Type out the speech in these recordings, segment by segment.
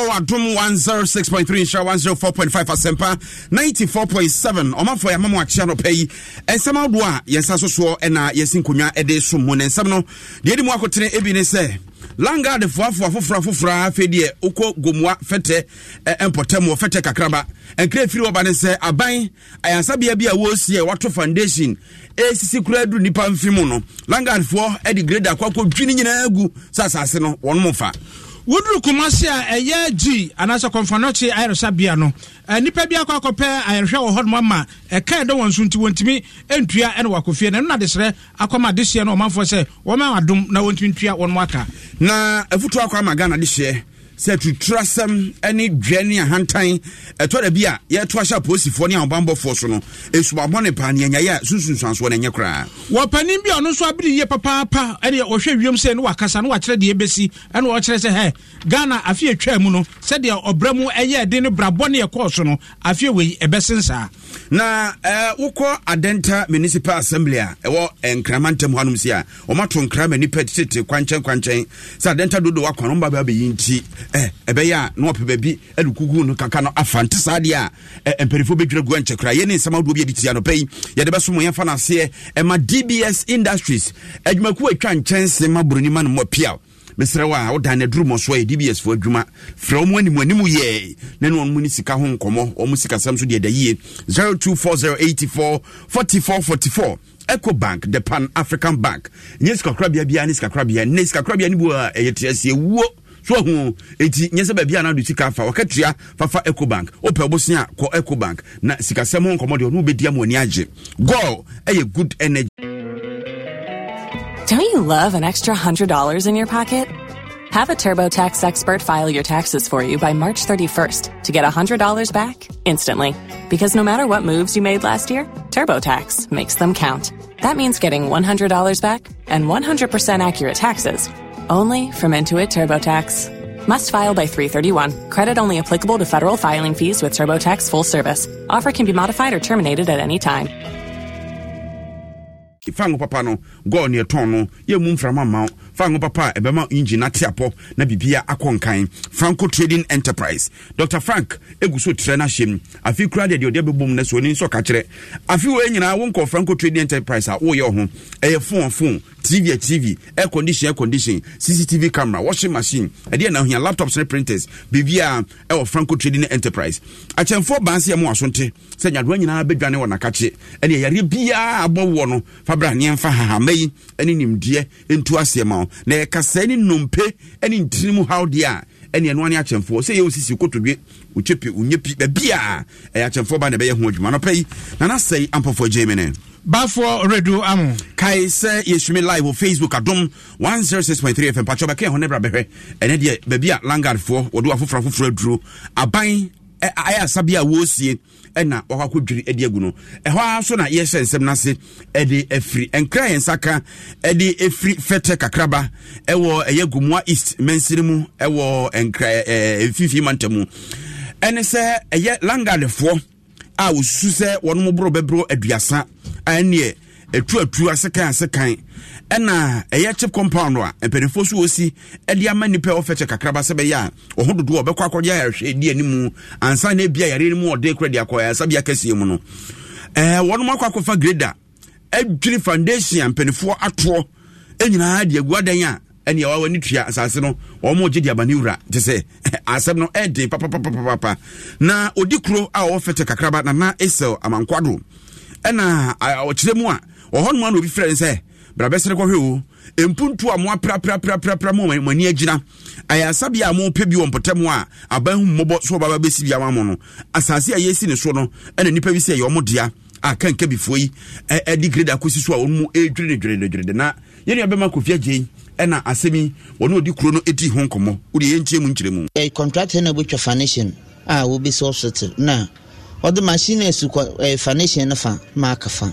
ɛbɔ wɔ adom 106.3 nhyira 104.5 asɛmpa 94.7 ɔmafo yɛ ama mo akyea nɔpɛ yi ɛnsɛm ahodoɔ a yɛnsa sosoɔ ɛna yɛsi nkonnwa de som mu ne nsɛm no deɛ di mu akotene ebi ne sɛ langadefoɔ afoɔ afoforɔ afoforɔ afei deɛ wokɔ gomua fɛtɛ mpɔtam wɔ fɛtɛ kakraba nkra firi wɔba ne sɛ aban ayansabea bi a wɔsi ɛ wato foundation ɛsisi koraa duru nnipa mfi mu no langadefoɔ de grade akɔ akɔdwi no nyinaa gu sɛ asase no wɔnom woduru kumasi a ɛyɛ g anaasɛ kɔmfanɔkye ayaresa no nnipa bi akɔ akɔpɛ ayarehwɛ wɔ hɔnom ama ɛka ɛdɛ wɔn so nti wɔntumi ntua ɛne wakɔfie na ɛno na adesrɛ akɔma adehyeɛ no ɔmanfoɔ sɛ wɔma adom na wɔntumi ntua wɔnom aka na afutu akɔ ama ghana dehyeɛ sɛ tuturasɛm ne dwɛ ne ahantan ɛtɔ da bi a yɛto ahyɛ apolisifoɔ ne ahobanbɔfoɔ so no ɛsubabɔne paa ne ɛnyɛyɛ a sunsunsuansoɔ no ɛnyɛ koraa wɔpanin bi a ɔno nso abere yie papaapa ɛne ɔhwɛ wiem sɛ ne wakasa ne wakyerɛ deɛ ɛbɛsi ɛne ɔkyerɛ sɛ hɛ ghana afei atwa mu no sɛdeɛ ɔbrɛ mu ɛyɛ den no brabɔ ne yɛkɔɔ so no afei wei ɛbɛsensaa na uh, wokɔ adenta municipal assembly a ɛwɔ nkrama ntam hɔnom si a ɔmato nkra ma nnipa tete kwankyɛn kwankyɛn sɛ adenta dodo wakɔ no mbabɛabɛyi nti Eh, ɛbɛyɛ a na wɔpɛ baabi ɛne kugu no kaka no afa nte saa deɛ a mpanimfoɔ bɛdwira gua nkyɛkora yɛne nsɛm ahodoɔ bi adi tia no pɛyi yɛde bɛso mu yɛmfa no ɛma dbs industries adwumakuo atwa nkyɛnse ma buroni ma no mmɔ piaw mesrɛ wo a woda no aduru mmɔ so a yɛ dbs foɔ adwuma frɛ ɔmo anim anim yɛ na ne ɔno mu ne sika ho nkɔmmɔ ɔmo sikasɛm so deɛ da yie 024084 eco bank the pan african bank nye sikakorabea biara ne sikakorabea ne sikakorabea no bi wɔ a ɛyɛ teɛ seɛ wuo so nyɛ sɛ baabi a na sika fa fafa eco bank kɔ eco bank na sikasɛm ho deɛ ani agye ɛyɛ good energy don't you love an extra $100 in your pocket have a turbotax expert file your taxes for you by march 31st to get $100 back instantly because no matter what moves you made last year turbotax makes them count that means getting $100 back and 100% accurate taxes only from Intuit TurboTax. Must file by 331. Credit only applicable to federal filing fees with TurboTax full service. Offer can be modified or terminated at any time. papa no, go fa papa ebema engine ate na bibia akɔ nkan franco trading enterprise dr frank ɛgu so trɛ no ahyɛ m afei kora deɛ deɛ ɔde bɛbom no so ɔne nso ka kyerɛ afei wei nyinaa wonkɔ franco trading enterprise a woyɛ wo ho ɛyɛ phone phone tv tv air condition air condition cctv camera washing machine ɛdeɛ na ohia laptops ne printers biribia ɛwɔ franco trading enterprise akyɛmfoɔ baase ɛmo asonte se nyadoa nyinaa bɛdwane wɔ nakakye ɛne ɛyareɛ biaa abɔ woɔ no fa bra nneɛmfa hahama yi ne nimdeɛ ɛntu aseɛ ma no na yɛka sɛ ne nnompe ne ntini mu haw deɛ a ɛne ɛnoa ne akyɛmfoɔ sɛ yɛwɔ sisi kotodwe wotwepi wonyɛ pi baabi a ɛyɛ akyɛmfoɔ ba na ɛbɛyɛ ho adwuma nɔpɛ yi nana sɛe ampɔfoɔ agye me ne bafoɔ redu amo kae sɛ yɛsumi live wɔ facebook adom 106.3 fm patwɛ bɛka ɛho ne bra bɛhwɛ ɛnɛ deɛ baabi a langardfoɔ wɔde afoforɔ afoforɔ aduro aban ayɛ asa bi a wɔresie ɛna wakɔ akɔdwiri adi agu no ɛhɔ ara nso na yɛhyɛ nsɛm n'ase, ɛde efiri nkra yɛn saka ɛde efiri fɛtɛ kakraba ɛwɔ ɛyɛ gumua east mansini mu ɛwɔ nkra ɛɛ mfimfini manta mu ɛne sɛ ɛyɛ langadefoɔ a wɔsusu sɛ wɔn mo boro bɛbrɔ aduasa ɛneɛ ɛtu atu asekan asekan ɛna ɛyɛ chip compound a mpanimfoɔ so wɔsi de ama nnipa a wɔfɛkyɛ kakraba sɛ bɛyɛ a ɔho dodoɔ ɔbɛkɔ akɔgye ayarehwɛ di animu ansa na ebia yare no ɔde kora de akɔ ɛyasa bi akɛseɛ mu no ɛɛ wɔn akɔ akɔfa grader adwiri foundation a mpanimfoɔ atoɔ nyinaa de agu adan a ɛne ɛwɔ w'ani tua asase no wɔn gye de abane wura te sɛ asɛm no ɛden papapapapa na odi kuro a ɔwɔ fɛtɛ kakraba nana esel amankwado ɛna ɔkyerɛ mu a ɔhɔnom ana obi frɛ n sɛ brabɛsere kɔhwɛ o mpuntu a mo apraprapraprapra mo mo ani agyina ayaresabea a mopɛ bi wɔ mpɔtam a aban hu mmɔbɔ so ɔbaba bɛsi bi ama mo no asase a yɛsi ne so no ɛna nnipa bi sɛ ɛyɛ ɔmo dea a kanka bifoɔ yi ɛde grade akɔsi so a wɔn mu ne dwiri ne na yɛnua bɛma kofi agye yi ɛna asɛm yi wɔn odi kuro no edi ho nkɔmɔ wodi yɛn nkyɛn mu nkyerɛ mu. ɛ kɔntrata na obetwa foundation a wobɛsi hospital na ɔde machine esu kɔ no fa maaka fa.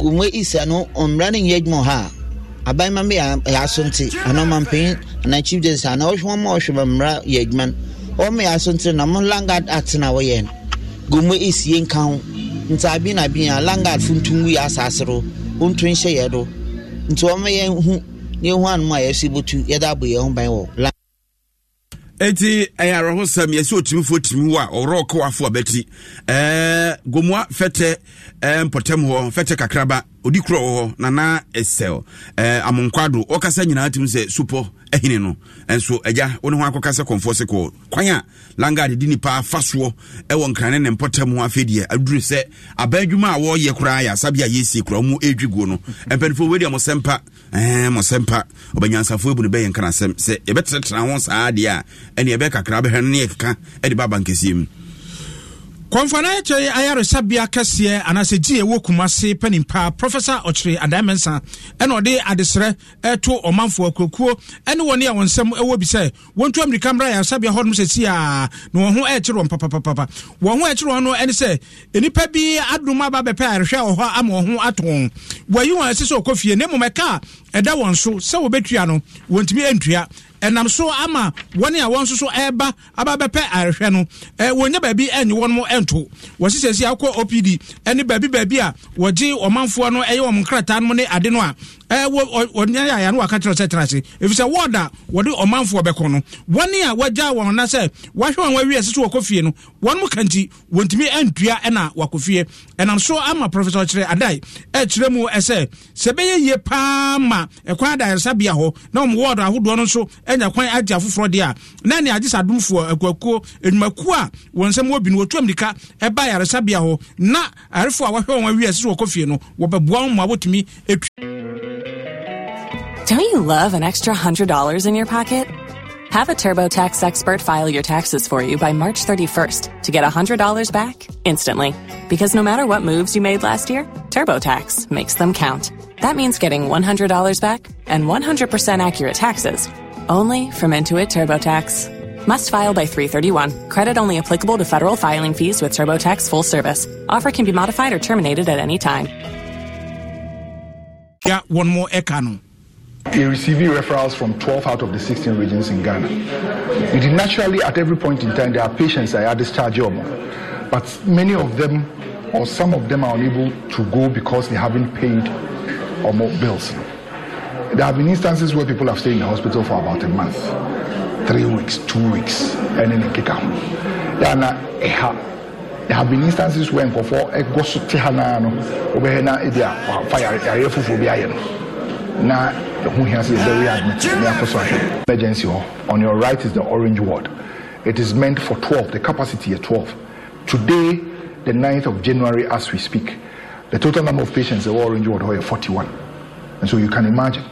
kunwe isi no mmara ne nyɛ adwuma ha aban ma yɛ aso nti chief justice anaa ɔhwɛ wɔn ɔhwɛ yɛ adwuma no wɔn nti na wɔn langard na wɔyɛ no kunwe isi yɛ nka ho ntaabi na bi a langard funtum wi asaase do wɔntu nhyɛ yɛ nti wɔn yɛ ne anum a butu yɛde abɔ yɛn ho ban wɔ langard. eti ɛyɛ awerɛho sɛm yɛsɛ ɔtumifoɔ tumi wɔ a ɔworɔ ɔkɔwafoɔ abɛti gomua fɛtɛ mpɔtam hɔ fɛtɛ kakraba odi kuro wɔ hɔ nana ɛsɛl ɛɛ amonkwado ɔkasa nyinaa tim sɛ supɔ ɛhene no ɛnso ɛgya wɔn ho akɔkasa kɔnfoɔ se kɔɔ kwan a langard di nipa fa soɔ ɛwɔ nkrane ne mpɔtam ho afei deɛ aduru sɛ abɛn adwuma a wɔreyɛ koraa yɛ asabi a yɛsi kura wɔn edwi guo no mpanyinfoɔ wei deɛ mo sɛ mpa ɛɛ mo sɛ mpa ɔbɛnyansafo ebu ne bɛyɛ nkranasɛm sɛ yɛbɛtenatena kakra bɛhwɛ no ne yɛ keka ɛde ba abankɛseɛ kɔmfana kyɛ ayaresabea kɛseɛ anaasɛ gye ɛwɔ kumase panin paa professor ɔkyere adamansa ɛna ɔde adesrɛ ɛto ɔmanfoɔ akuokuo ɛne wɔne a wɔn nsɛm ɛwɔ bi sɛ wɔntu amirika mmra ayaresabea hɔ nom sɛ si a na wɔn ho ɛkyere wɔn papapapa wɔn ho ɛkyere wɔn no ɛne sɛ nnipa bi adum aba bɛpɛ ayarehwɛ wɔ hɔ ama wɔn ho ato wɔn wɔyi wɔn ɛsɛ sɛ ɔkɔ fie na mmom ɛka ɛda wɔn so sɛ wɔbɛtua no wɔntumi ɛntua ɛnam so ama wɔne e, a wɔn nso so ɛreba aba bɛpɛ ahwehwɛ no ɛɛ wɔnyɛ baabi ɛnyi wɔn ɛnto wɔsi sɛsi akɔ opd ɛne baabi baabi a wɔgye ɔmanfoɔ no ɛyɛ wɔn nkrataa no ne ade no a ɛwɔ ɔnyɛ yaya no waka kyerɛ sɛ tena ase efisɛ wɔɔd a wɔde ɔmanfoɔ bɛkɔ no wɔne a wɔagya wɔn na sɛ wɔahwɛ wɔn awie ɛsɛ so wɔkɔ fie no wɔn mu ka nti wɔntumi ɛntua ɛna wɔakɔ fie ɛnam so ama prɔfɛsɛ kyerɛ adae ɛkyerɛ mu ɛsɛ sɛ ɛbɛyɛ yie paa ma ɛkwan e adayɛsabea hɔ na wɔn wɔɔd ahodoɔ no nso kwan agye afoforɔ deɛ a na ne agye eh, akuakuo adwumakuo a wɔn nsɛm wɔ bi no ɛba hɔ na arefoɔ a wɔhwɛ wɔn awie wɔkɔ fie no wɔbɛboa wɔn wɔtumi Don't you love an extra $100 in your pocket? Have a TurboTax expert file your taxes for you by March 31st to get $100 back instantly. Because no matter what moves you made last year, TurboTax makes them count. That means getting $100 back and 100% accurate taxes only from Intuit TurboTax. Must file by 331. Credit only applicable to federal filing fees with TurboTax full service. Offer can be modified or terminated at any time. Yeah, one more Ekano. you receive referrals from 12 out of the 16 regions in Ghana. It is naturally, at every point in time, there are patients that are discharged, but many of them or some of them are unable to go because they haven't paid or more bills. There have been instances where people have stayed in the hospital for about a month, three weeks, two weeks, and then they kick out. There have been instances where nkɔfɔ ɛgɔ eh, so te ha naa Over here now, ebi eh, a wafa yareɛ foforɔ bi ayɛ no na ɛho hia sɛ yɛbɛ readmit ne akɔsɔ ahwɛ emergency hɔ oh. on your right is the orange ward it is meant for 12 the capacity is 12 today the 9th of january as we speak the total number of patients in the orange ward hɔ 41 and so you can imagine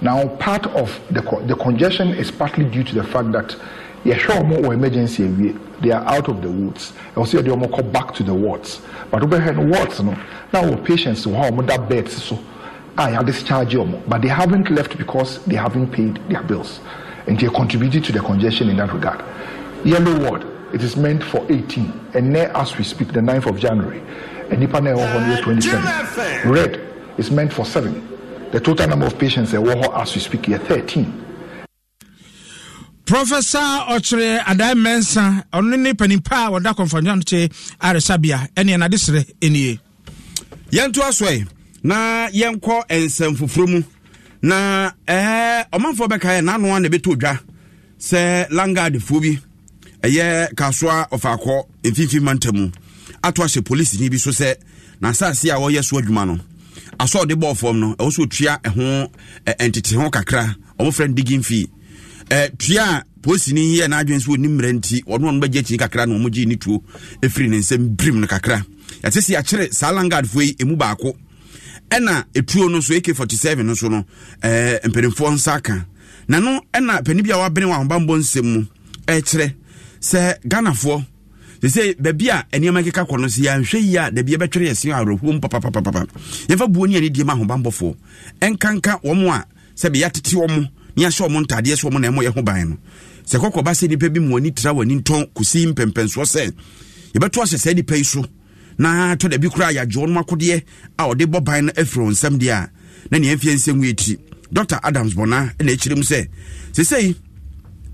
Now, part of the, the congestion is partly due to the fact that yɛhwɛ wɔn wɔ emergency awie they are out of the wards ɛwɔ sɛ yɛde wɔn kɔ back to the wards but wobɛhwɛ no wards no na wɔ patients wɔ hɔ a wɔn da beds so a yɛade charge wɔn but they haven't left because they haven't paid their bills and they contributed to the congestion in that regard yellow ward it is meant for 18 and now as we speak the 9th of january nipa na ɛwɔ hɔ no yɛ 27 red is meant for seven. the total number of patients ɛwɔ hɔ as we speak yɛ 13 Professor Ochre Adai Mensa ɔno ne panimpa a wɔda kɔmfanyɔn kye aresabea ɛne ɛnade serɛ ɛnie yɛnto yi na yankọ nsɛm foforɔ mu na ọmanfọ bẹka ya yɛ n'ano a na ɛbɛtɔ dwa sɛ langardefoɔ bi ɛyɛ kasoa ɔfaakɔ mfimfini manta atụ ato polisi n'ibi sọ so sɛ a adwuma asɔ ɔde bɔɔ fam no ɛwɔ so tua ɛho ɛntete ho kakra ɔmo frɛ no digging fee ɛɛ tua a polisini yi yɛ n'adwene so onim mmerɛ nti ɔno ɔno bɛgye kyini kakra na ɔmo gye ne tuo efiri ne nsam birim no kakra yɛte si akyerɛ saa langardfoɔ yi emu baako ɛna etuo no so ak forty seven no so no ɛɛ mpanimfoɔ nsa ka na ɛna panyin bi a wabene wɔn ahobanbɔ nsɛm mu ɛɛkyerɛ sɛ ghanafoɔ sɛ baabi a nneɛma keka kɔ no sɛ yɛanhwɛ yi a dabi yɛbɛtwere yɛse awerɛhoɔ mu papapapapa yɛmfa buo ne ane deɛ ma ahobanbɔfoɔ ɛnkanka wɔm a ah, sɛ bɛyɛatete wɔ mo ne ahyɛ ɔmo ntadeɛ so ɔmo na ɛmɔ yɛ ho ban no sɛ kɔkɔ ba sɛ nnipa bi mu ani tra w'ani ntɔn kɔsi mpɛmpɛnsoɔ sɛ yɛbɛto ahyɛ saa nnipa yi so na tɔ dabi koraa yɛagyoɔ nom akodeɛ a ɔde bɔ ban no afiri wɔ nsɛm deɛ a na neɛ mfie nsɛm yɛ ti dr adams bɔna na akyiri mu sɛ sesei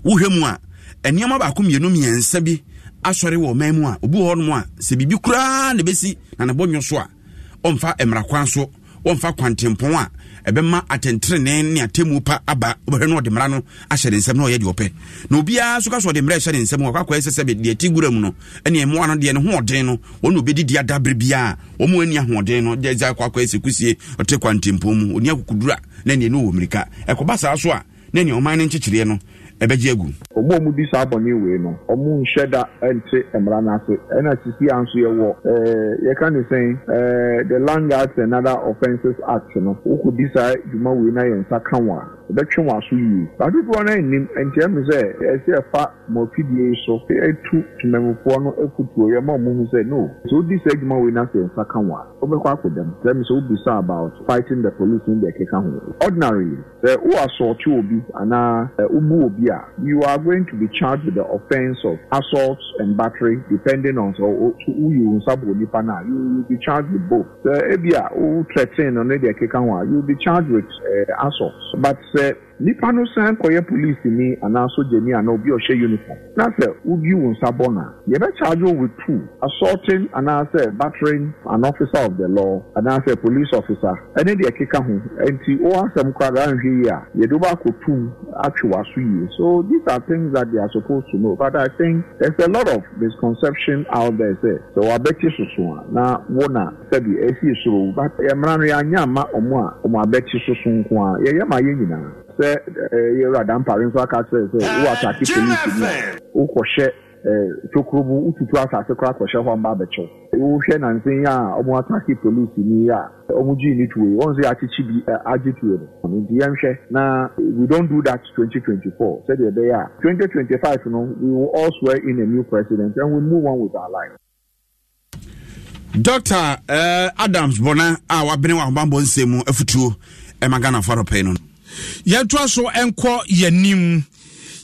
wohwɛ mu a ah, nneɛma baako mmienu mmiɛnsa bi asɔre wɔ ɔman mu a obi wɔ hɔnom a sɛ biribi koraa na bɛsi na ne bɔnwɔ so a ɔmfa mmara kwan so ɔmfa kwantempɔn a ɛbɛma atɛntenene ne atɛmu pa aba wobɛhwɛ no ɔde mmara no ahyɛ ne nsɛm na ɔyɛ deɛ ɔpɛ na obiara so ka so ɔde mmara ɛhyɛ ne nsɛm wakɔakɔɛ sɛ sɛ deɛ ti gura mu no ɛne ɛmmoa no deɛ ne hoɔden no ɔne ɔbɛdidi ada bere biaa ɔma ani ahoɔden no gyagya kɔakɔɛ sɛ kusie ɔte kwantempɔn mu ɔni akokudura na neɛ ne ɔwɔ mmirika ɛkɔba saa so a na neɛ ɔman no nkyekyereɛ no ɛbɛgye agu. ɔmo ɔmo di saa bɔnne wei no ɔmo nhyɛ da nte mmara n'ase ɛna sisi anso yɛ wɔ ɛɛ yɛka ne sɛn ɛɛ the land act and other offences act no wokɔ di saa dwuma wei na yɛn nsa ka wɔn bɛtwe wɔn aso yie ahodoɔ no anim ntiɛ sɛ ɛsɛ ɛfa mɔpidie so ɛtu temamufoɔ no ekutuo yɛ ma ɔmo ho sɛ no sɛ odi sɛ adwuma wei na sɛ nsa ka wɔn a ɔbɛkɔ akɔdam sɛ mi sɛ obi sa about fighting the police in the keka ho ordinarily sɛ o asɔɔte obi anaa ɛ ubu obi a you are going to be charged with the offence of assault and battery depending on sɛ o tu uyi o nsa bɔ nipa na you will be charged with both sɛ ebi a o threaten no ne deɛ keka ho a you will be charged with uh, assault but. upset nipa no san kɔyɛ polisi ni anaa sojani anaa obi ɔhyɛ uniform na sɛ wobi wo nsa bɔ na yɛbɛkyaagye wo with two assaulting anaa sɛ battering an officer of the law anaa sɛ police officer ɛne deɛ ɛkeka ho nti wo asɛm koraa nhwɛ yi a yɛde wo akɔtum atwe w'aso yie so these are things that they are supposed to know but i think there's a lot of misconception out there sɛ sɛ wabɛkye soso a na wo na sɛbi ɛsi soro but ɛmara no yɛanyɛ ama ɔmo a ɔmo abɛkye soso nko a yɛyɛ ma yɛ nyinaa sɛ ɛyɛ eh, eh, wurada mpare nso aka sɛ sɛ polisi eh, wokɔhyɛ wotutu asase kora kɔhyɛ hɔ mba wohwɛ nansen a ɔmo atake a ɔmo ne tuo yi nso bi agye tuo no nti yɛnhwɛ na we don do that twenty twenty sɛdeɛ ɛbɛyɛ a twenty no we will all swear in a new president and we move on with our life. uh, adams bɔna a wabene nsɛm mu afutuo ɛma ghana no yɛtoa so nkɔ yɛnim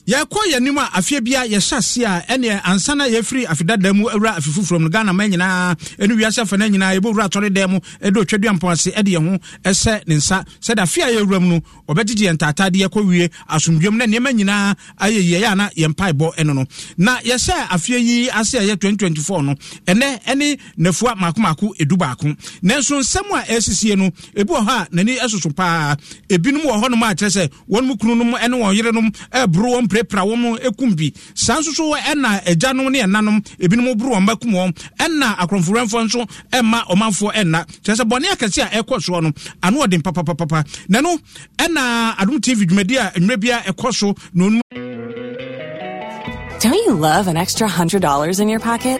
yɛkɔ yɛnim a afeɛ bia yɛhyɛ ase a ɛneɛ ansa yɛfiri afedada mu awura afe foforɔ mu no ghana ma nyinaa ɛne wiase afa no nyinaa yɛbɛwura atɔre dɛ mu ɛde ɔtwa duampɔn ase ɛde yɛ ho ɛsɛ ne nsa sɛde afe a yɛwura mu no ɔbɛgyegye yɛn ntaataade yɛkɔ wie asomdwam na nneɛma nyinaa ayɛ yie yɛ a na yɛn ɛno no na yɛhyɛ afeɛ yi ase a yɛ 2024 no ɛnɛ ɛne nafua maakomaako ɛdu baako nanso nsɛm a ɛsisie no ebi wɔ hɔ a n'ani ɛsoso paa ebinom wɔ hɔnom a kyerɛ sɛ wɔn mu kununom ɛne wɔn yerenom ɛɛboro wɔn pre ne prawo ekum bi saa nso so ɛna agyanom ne ɛnanom ebinom buru wɔn bɛkum wɔn ɛna akorɔmforɛmfoɔ nso ɛma ɔmanfoɔ ɛna kyerɛ sɛ bɔnne akɛse a ɛkɔ soɔ no ano ɔden papapapa na ɛna adum tv dwumadi a nnwuma bi a ɛkɔ so na onum. Don't you love an extra hundred dollars in your pocket?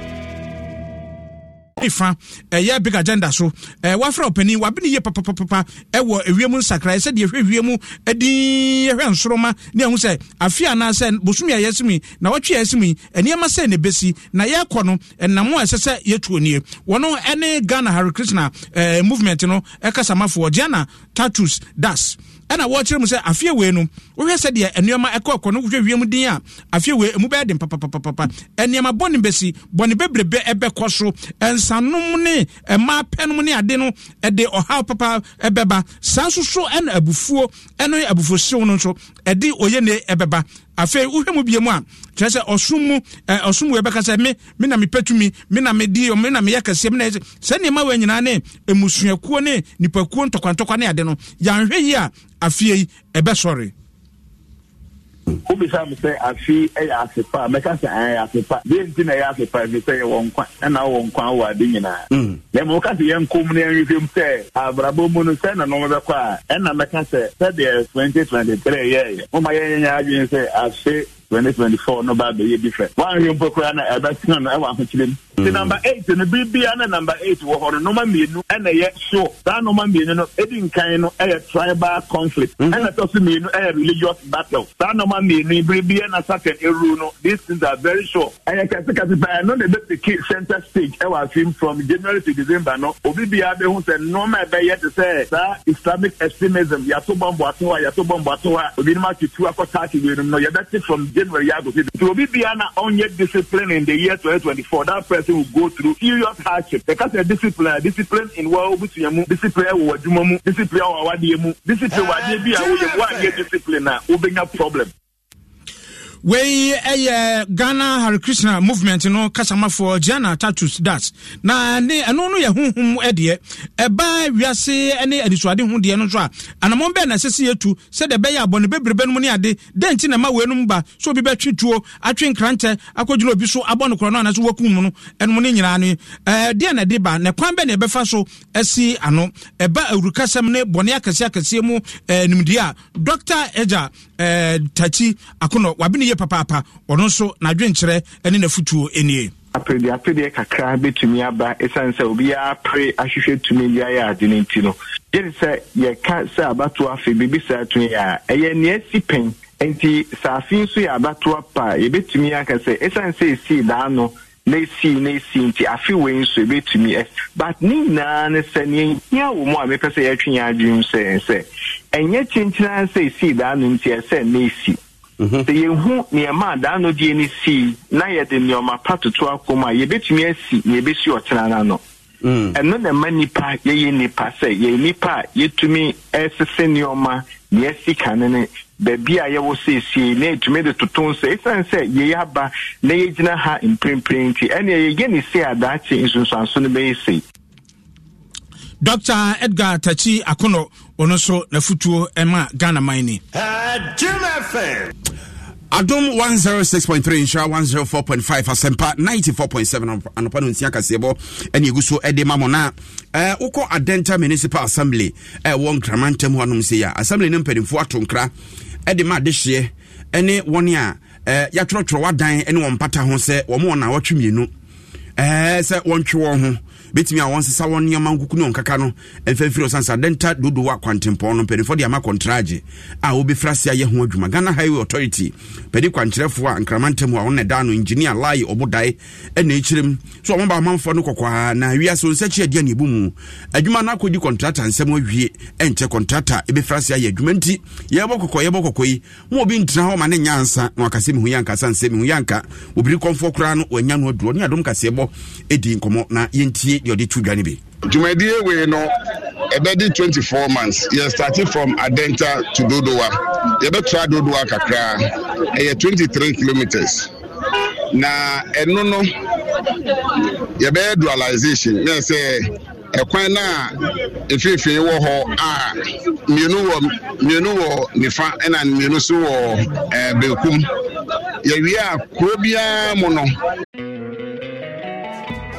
fa ɛyɛ big agenda so wafrɛ ɔpanin wabene yie papapapa ɛwɔ ewiem nsakra sɛdeɛ ɛhwɛ ewiem ɛdin ɛhwɛ nsoroma ne ɛho sɛ afe anaasɛ bosomi a yɛsim yi na wɔtwe yɛsim yi nneɛma sɛ ne bɛsi na yɛkɔ no ɛnam a ɛsɛ sɛ yɛtuo nie wɔn ɛne ghana hare krishna movement no ɛkasamafoɔ giana tatus das ɛna wɔkyerɛ mu sɛ afie wei no wohwɛ sɛdeɛ nneɛma ɛkɔ ɛkɔ no wohwɛ wiem din a afie wei emu bɛyɛ den papapapapa nneɛma bɔne bɛsi bɔne bebrebe ɛbɛkɔ so nsanom ne mmaa pɛnom ne ade no ɛde ɔhaw papa ɛbɛba saa nso so ɛna abufuo ɛne abufuohyew no nso ɛde oyɛ ne ɛbɛba afei wohwɛ mu biemu a kyerɛ sɛ ɔsom mu ɔsom mu ɛbɛka sɛ me me na mepɛtumi me na medi me na meyɛ kɛseɛ me na sɛ nneɛma wɔ nyinaa ne mmusuakuo ne nipakuo ntɔkwantɔkwa ne ade no yɛanhwɛ yi a afie yi ɛbɛsɔre wobisa me sɛ a mɛka sɛ ɛyɛ nti na ɛyɛ sɛ yɛwɔ nkwa ɛna wɔ nkwa wɔ ade nyinaa mm. na sɛ yɛnkom no sɛ abrabɔ mu no sɛ na a ɛna mɛka sɛ sɛdeɛ 2023 yɛɛyɛ moma adwene sɛ afe 2024 no ba different woanhwɛ mpo koraa na ɛbɛtena no ɛwɔ ahokyerɛ The number eight no bere bia na number eight wɔ hɔ no nɔɔma mmienu ɛna ɛyɛ show That nɔɔma mmienu no ɛdi nkan no ɛyɛ tribal conflict mhm. ɛna ɛtɔ so mmienu ɛyɛ religious battle That saa nɔɔma mmienu yi bere bia na a eru no these things are very sure ɛyɛ kɛsekɛse paa ɛno na key center stage ɛwɔ afim from january to december no obi bia bɛhu sɛ nɔɔma yet to say that islamic extremism yɛato bɔmbɔ ato hɔ yɛato bɔmbɔ ato hɔ a obinom atutu akɔ taaki wei no no yɛbɛte from january yɛ agosi do nti obi bia na ɔnyɛ discipline in the year 2024 that person will go through serious hardship ɛka sɛ discipline discipline in what we mu discipline what we do, discipline what we do, discipline wɔ adeɛ bi a woyɛ wɔ adeɛ discipline a wobɛnya problem wei ɛyɛ ghana hare krishna movement no kasamafoɔ giana tatus das na ne ɛno no yɛ honhom deɛ ɛba wiase ne anisoade ho deɛ no nso a anammɔn bɛɛ na ɛsɛ sɛ yɛtu sɛdeɛ ɛbɛyɛ abɔne bebrebe no mu ne ade dɛn nti na ma wei no mu ba sɛ obi bɛtwe tuo atwe nkrantɛ akɔgyina obi so abɔ no korɔ no anaso wakum mu no ɛnom no nyinaa no deɛ na ɛde ba na kwan bɛ ne ɛbɛfa so asi ano ɛba awurukasɛm ne bɔne akɛseɛ akɛseɛ mu nimdeɛ a dr agya tachi akono wabene yie papaapa ɔno nso n'adwenkyerɛ ne n'afotuo nie aperedeɛ aperedeɛ kakra bɛtumi aba ɛsiane sɛ obiara pere ahwehwɛ tumi de ayɛ ade no nti no gye te sɛ yɛka sɛ abatoɔ afe biribi saa tumi a ɛyɛ nea asi pɛn nti saafe nso yɛ abatoɔ pa yɛbɛtumi aka sɛ ɛsiane sɛ ɛsii daa no na esi na esi nti afe wei nso ebetumi ɛ but ne nyinaa ne sɛ nea hia wɔ mu a mepɛ sɛ yɛtwe yɛn adwene sɛ sɛ ɛnyɛ kyenkyena sɛ esi daa no nti ɛsɛ na esi Mm-hmm. sɛ yɛhu nneɛma a daa no deɛ no sii na yɛde nneɔma pa toto akom a yɛbɛtumi asi na yɛbɛsi ɔtena no no mm. ɛno na ma nnipa yɛyɛ nnipa sɛ yɛyɛ nnipa a yɛtumi ɛsese nneɔma na yɛasi kane ne baabi a yɛwɔ seesie na yɛtumi de toto nsa ɛsiane sɛ yɛyɛ aba na yɛgyina ha mprempren nti ɛnea yɛyɛ ne sei a daakye nsonsanso no bɛyɛ sei dr edgar tachi akono ɔno nso nafotuo ɛma ghana man ni adom 106.3 nhyira 104.5 asɛmpa 94.7 anɔpa no nsia kaseɛbɔ ɛne ɛgu so ɛde ma mɔ na uh, wokɔ adenta municipal assembly ɛwɔ uh, nkrama ntam hɔ anom sei a assembly ne mpanimfoɔ ato nkra ɛde ma adehyeɛ ɛne wɔne a uh, yɛatwerɛtwerɛ wadan ne wɔn mpata ho sɛ wɔma wɔn a wɔtwe mmienu uh, sɛ wɔntwe wɔn ho bɛtumi a wɔnsesa wɔ nneɛma nkuku ne ɔnkaka no ɛmfa mfiri ɔsansa dɛnta dodo wa akwantempɔn no mpanifoɔ de ama kɔntragye a wɔbɛfira se ayɛ ho adwuma ghana highway authority padi kwankyerɛfoɔ a nkrama ntam a wɔne da no engineer lai ɔbodae ɛna ɛkyerɛm so ɔmo ba amanfoɔ no kɔkɔaa na awia so nsɛkyi adeɛ ne ɛbu mu adwuma no akɔdi kɔntrata nsɛm awie ɛnkyɛ kɔntrata ɛbɛfira se ayɛ adwuma nti yɛbɔ kɔkɔ yɛbɔ kɔkɔ yi ma obi ntena hɔ ma ne nya na wakasɛ mehu yanka ankasa nsɛ mehu yɛ anka obiri kɔmfoɔ koraa no wanya no aduro ne adom kaseɛ bɔ ɛdi nkɔmmɔ na yɛntie deɛ ɔde tu dwa no bi dwumadie wei no ɛbɛde 24 months yɛ starting from adenta to dodowa yɛbɛtoa dodowa kakraa ɛyɛ 23 kilometers na ɛno no yɛbɛyɛ dualization na sɛ ɛkwan no a mfimfini wɔ hɔ a mmienu wɔ mmienu wɔ nifa ɛna mmienu nso wɔ ɛɛ benkum yɛwie a kuro biara mu no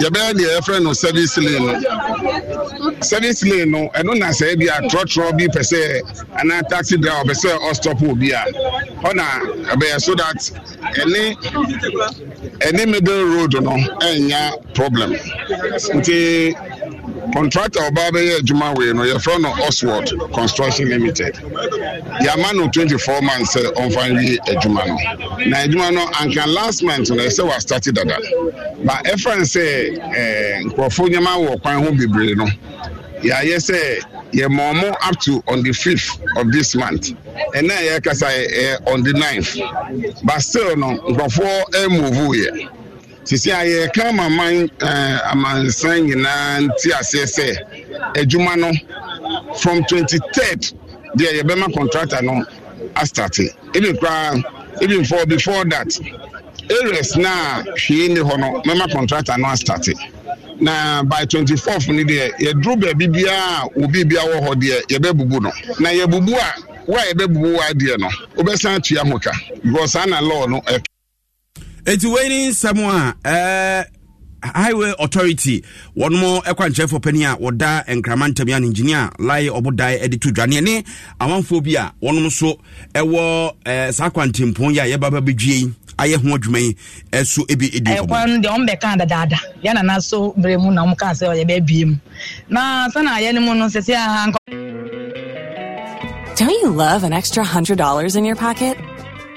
yɛbɛyɛ deɛ yɛfrɛ no service lane no service lane no ɛno na sɛ bi a trɔtrɔ bi pɛ sɛ anaa taxi driver pɛ sɛ ɔstɔp obi a ɔna ɛbɛyɛ so that ɛne ɛne middle road no ɛnya problem nti contractor ọba abẹyẹ adwuma wei no yɛfrɛ no oswald construction limited yɛama no 24 months sɛ ɔmfa nwie adwuma no na adwuma no anka last month no ɛsɛ wastate dada ba ɛfa n sɛ nkurɔfoɔ nneɛma wɔ kwan ho bebree no yɛayɛ sɛ yɛmɔɔ mo up to on the fifth of this month ɛna yɛkasa yɛ on the ninth but still no nkurɔfoɔ ɛmuvu yɛ sisi a yɛka amaman ɛɛ eh, amansan nyinaa nti aseɛ sɛ adwuma no from twenty third deɛ yɛbɛma contractor no astate ebi koraa ebi before before that areas na hwee ni hɔ no mɛma contractor no astate na by twenty fourth ni deɛ yɛduru baabi biara obi biara wɔ hɔ deɛ yɛbɛbubu no na yɛbubu a wo a yɛbɛbubu wa adeɛ no wobɛsan atua ho ka because saa na law no ɛka nti wei ne nsɛm a highway authority wɔnom ɛkwankyerɛfoɔ pani a wɔda nkrama ntam yɛ no engineer lae ɔbodae de to dwaneɛ ne amanfoɔ bi a wɔnom so ɛwɔ saa kwantempɔn yɛ a yɛbaba bɛdwie ayɛ ho adwuma yi ɛso ebi edi nkɔmɔ. deɛ ɔmo bɛ dadaada yɛn nana so mu na ɔmo kaa sɛ ɔyɛ bɛ mu na sani ayɛ ne mu no sɛ si Don't you love an extra hundred dollars in your pocket?